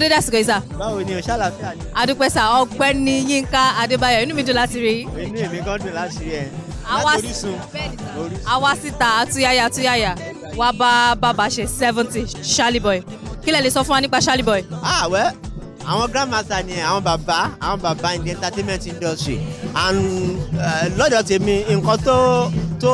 kú dédé àsìkò yìí sà. báwo ni o ṣàlàfíà ni. adúpẹ́ sà ọ̀gbẹ́ni Yínká Adébáyọ̀ inú mi dùn láti rí. inú èmi kan dùn láti rí ẹ. àwa síta àtúyáyà àtúyáyà wà bá bàbá ṣe seventy Charlie boy kí lẹ lè sọ fún wa nípa Charlie boy. àwẹ̀ àwọn grandmaster ni àwọn bàbá àwọn bàbá in the entertainment industry and uh, lọ́dọ̀ tèmi nǹkan tó tó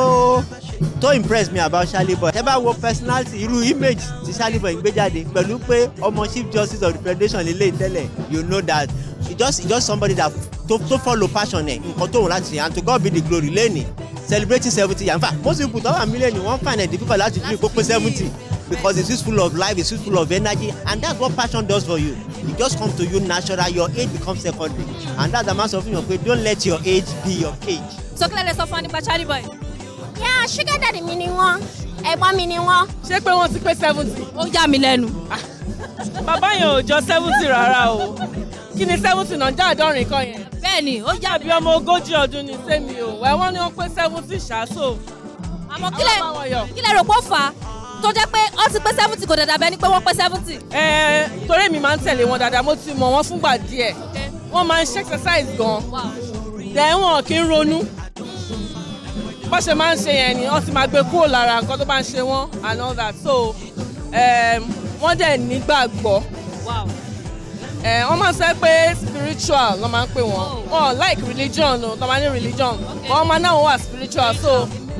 tó impress me about Shallyboy tẹ́ bá wo personality irú image tí Shallyboy ń gbé jáde pẹ̀lú pé ọmọ chief justice of the federation lè lè tẹ́lẹ̀ you know that he just he just somebody that to to follow passion ẹ̀ nǹkan tó wù láti ṣe and to God be the glory lẹ́nìí celebrating seventy yàn fà most people tó wà One fine wọ́n find it difficult láti do ìkópé seventy because it's full of life it's full of energy and that's what passion does for you it just come to you natural your age becomes secondary and that's the man sọ fún yàn pé don't let your age be your cage. sọ kílẹ̀ lè sọ fún ọ nípa Shallyboy yá ṣúgà dàdí mi ni wọ́n ẹ̀gbọ́n mi ni wọ́n. ṣé pé wọ́n ti pé seventy. ó yà mí lẹ́nu. bàbá yẹn ò jọ seventy rárá o kí ni seventy náà já àádọ́rin kan yẹn. bẹ́ẹ̀ni ó yà bí ọmọ ogójì ọdún ni sẹ́mi o ẹ̀ wọ́n ní wọ́n pé seventy ṣáṣó. àmọ́ kílẹ̀ kílẹ̀ rò pé ó fà á tó jẹ́ pé ó ti pé seventy kò dàda bẹ́ẹ̀ ni pé wọ́n pé seventy. ẹ ẹ torí èmi máa ń tẹ̀lé wọn dáadáa mo ti mọ̀ wọ́n fúngbà díẹ̀ wọ́n máa ń ṣe exercise gan-an dẹ̀ wọ́n kì í ronú bó ṣe máa ń ṣe yẹn ni wọ́n ti máa gbé kúrò lára nǹkan tó bá ń ṣe wọ́n and all that so um, wọ́n dẹ̀ nígbàgbọ́ eh, wọ́n máa ń sọ pé spiritual ló máa ń pè wọ́n oh. wọ́n like religion o tó máa ní religion wọ́n máa náà wà spiritual so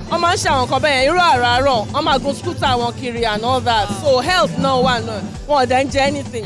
wọ́n máa ń ṣe àwọn nǹkan bẹ́ẹ̀ irú àràárọ̀ wọ́n máa gun scooter wọn kiri and all that so health náà wà náà wọn ò dẹ̀ ń anything.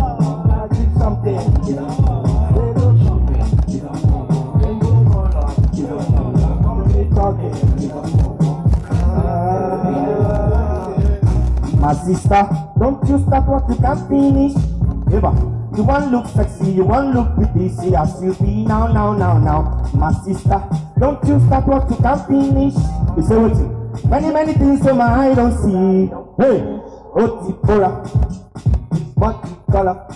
sister. Don't you stop what you can't finish. Ever. You want look sexy, you want look pretty, see as you be now, now, now, now, my sister. Don't you stop what you can't finish. You say what? Many, many things in my eye don't see. Hey, Otipora, monkey color.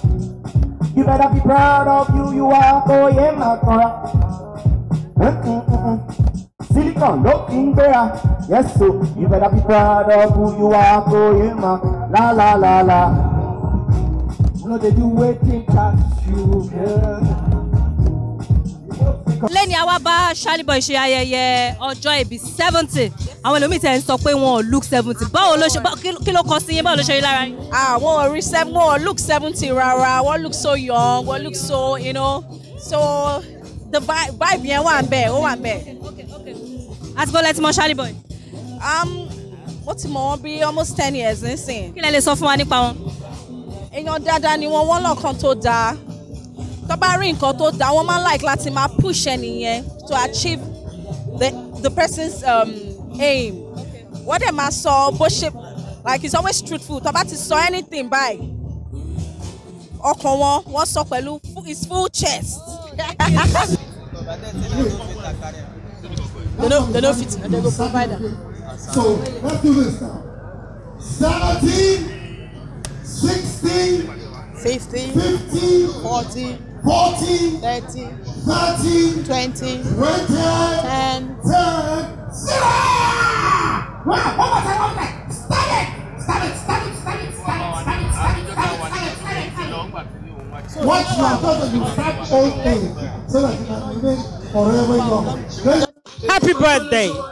You better be proud of you, you are, boy, in my One Satan ló kí ń gbéra. Yes o, you better be proud of who you are, ma. la la la la. No dey do wetin catch you girl. lẹ́ni àwa bá Shannyboy ṣe ayẹyẹ ọjọ́ ìbí seventy àwọn ẹlòmíì tẹ̀ ń sọ pé wọn ò look seventy báwo ló ṣe kí ló kọ sí yín báwo ló ṣe rí lára yín. àwọn ah, ò rí seven wọn look seventy rárá wọ́n look so young wọ́n look so you know so the vibe yẹn wà ń bẹ̀ ó wà ń bẹ̀. Atibọ́lẹ̀ ti mọ Ṣáálí Boy. um, ti more be almost ten years isn't it? lẹ lè sọ fún wa nípa wọn. èèyàn you want one wọ́n lọ́kàn tó dáa tó bá rí nǹkan tó dáa wọ́n máa ń like láti push ẹnìyẹn to achieve the, the person's um, aim. What am I saw? bó ṣe like he's always truthful tó bá ti sọ anything by. ọkàn wọn wọ́n sọ pẹ̀lú his full chest. Oh, They don't, they don't fit. They go provide them. So let's do this now. 17, 16, 15, 15 14, 14, 13, 13, 20, 20, 10, 10, 0! Wow, one more time, one more time. Stand it, stand it, stand it, stand it, stand it, stand it, stand it, stand it. it! Watch your thoughts and you start old age so that you can remain forever young. Happy birthday!